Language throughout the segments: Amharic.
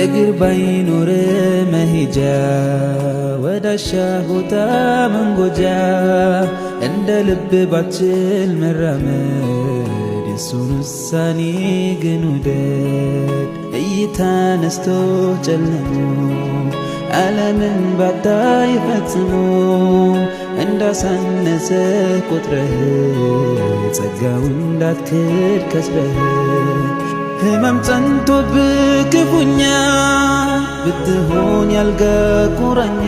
እግር ባይኖር መሄጃ ወዳሻ ቦታ መንጎጃ እንደ ልብ ባችል መራመድ የሱን ውሳኔ ግን ውደድ እይታ ነስቶ ጨለሞ ዓለምን ባታይ ፈጽሞ እንዳሳነሰ ቁጥረህ ጸጋውን እንዳትክድ ከስረህ ህመም ጸንቶት ብክፉኛ ብትሆን ያልጋ ቁራኛ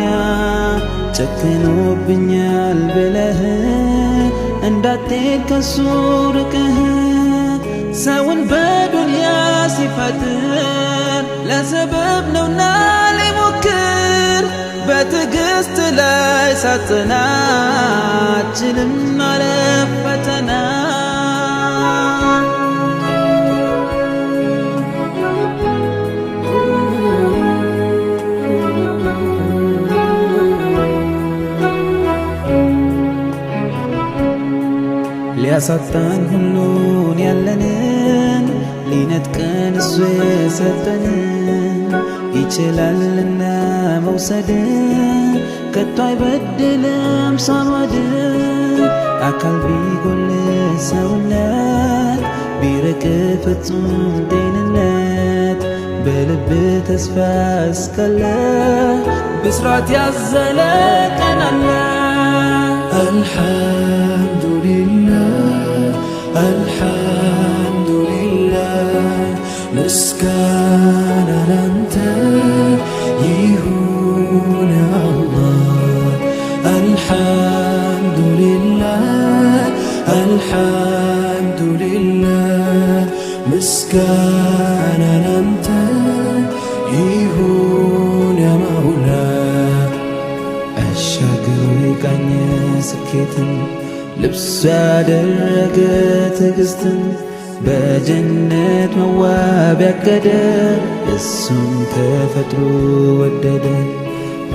ጨክኖብኛል ብለህ እንዳትሄድ ከሱ ርቅህ ሰውን በዱንያ ሲፈጥር ለሰበብ ነውና ሊሞክር በትዕግሥት ላይ አችልም አለ ሊያሳጣን ሁሉን ያለንን ሊነጥቀን እሱ የሰጠንን ይችላልና መውሰድ ከቶ አይበድልም ሳማድ አካል ቢጎል ሰውነት ቢረቅ ፍጹም ጤንነት በልብ ተስፋ እስካለ ብስራት ያዘለ ቀናለ አልሐምዱሊላ ምስጋና ላንተ ይሁን አላህ አልሐምዱሊላህ አልሐምዱሊላህ ምስጋና ላንተ ይሁን ያማውላ አሻገሩ የቃኘ ስኬትን ልብስ ያደረገ ትዕግስትን በጀነት መዋብ ያቀደ እሱም ተፈጥሮ ወደደ።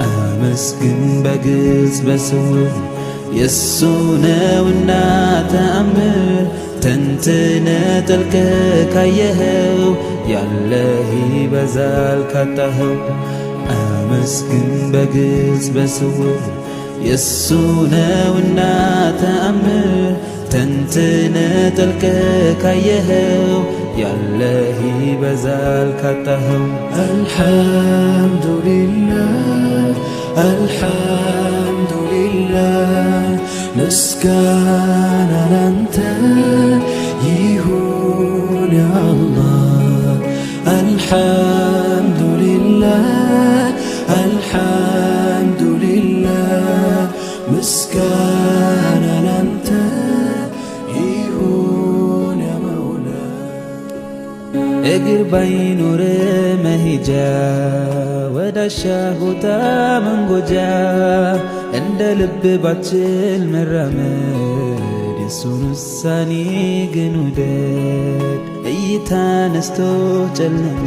አመስግን በግልጽ በስውር የእሱ ነውና ተአምር ተንትነ ጠልቀ ካየኸው ያለህ ይበዛል ካጣኸው። አመስግን በግልጽ በስውር የእሱ ነውና ተአምር ተንትነ ጥልቅ ካየኸው ያለህ ይበዛል ካጣኸው። አልሐምዱሊላህ አልሐምዱሊላህ ምስጋና እግር ባይኖር መሄጃ ወዳሻ ቦታ መንጎጃ እንደ ልብ ባችል መራመድ የሱን ውሳኔ ግን ውደድ እይታ ነስቶ ጨለሞ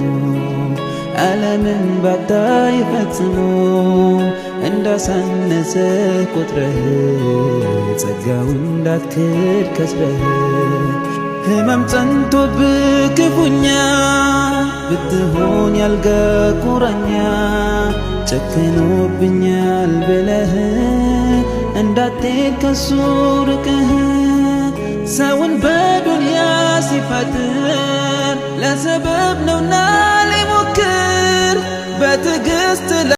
ዓለምን ባታ ይፈጽሞ እንዳሳነሰ ቁጥረህ ጸጋው እንዳትክድ ከስረህ ህመም ጸንቶብ ክፉኛ ብትሆን ያልጋ ጨክኖብኛል ብለህ እንዳትሄድ ከሱ ርቅህ ሰውን በዱንያ ሲፈጥር ለሰበብ ነውና